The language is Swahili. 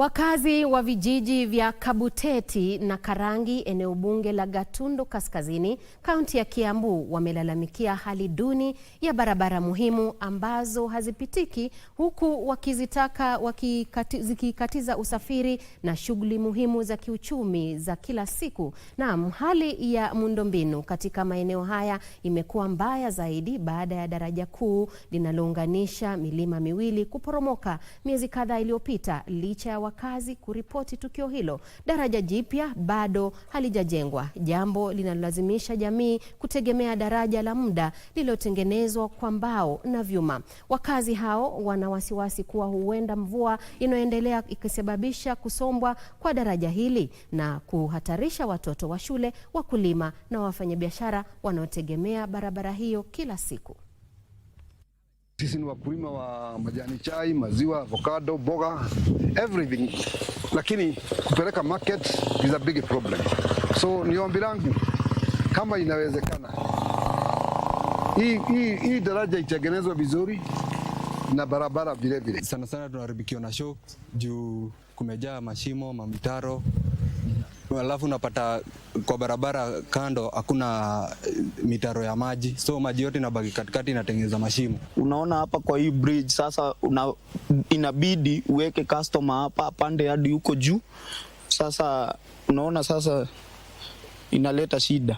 Wakazi wa vijiji vya Kabuteti na Karangi eneo bunge la Gatundu Kaskazini, kaunti ya Kiambu wamelalamikia hali duni ya barabara muhimu ambazo hazipitiki huku wakizitaka wakikati, zikikatiza usafiri na shughuli muhimu za kiuchumi za kila siku. Naam, hali ya miundombinu katika maeneo haya imekuwa mbaya zaidi baada ya daraja kuu linalounganisha milima miwili kuporomoka miezi kadhaa iliyopita licha ya wakazi kuripoti tukio hilo. Daraja jipya bado halijajengwa, jambo linalolazimisha jamii kutegemea daraja la muda lililotengenezwa kwa mbao na vyuma. Wakazi hao wana wasiwasi kuwa huenda mvua inayoendelea ikisababisha kusombwa kwa daraja hili na kuhatarisha watoto wa shule, wakulima na wafanyabiashara wanaotegemea barabara hiyo kila siku. Sisi ni wakulima wa majani chai, maziwa, avocado, boga, everything, lakini kupeleka market is a big problem. So ni ombi langu kama inawezekana, hii hii hii daraja itengenezwe vizuri na barabara vilevile. Sana sana tunaharibikiwa na shock juu kumejaa mashimo, mamitaro alafu unapata kwa barabara kando hakuna eh, mitaro ya maji, so maji yote inabaki katikati, inatengeneza mashimo. Unaona hapa kwa hii bridge sasa una, inabidi uweke customer hapa apande hadi huko juu. Sasa unaona sasa inaleta shida.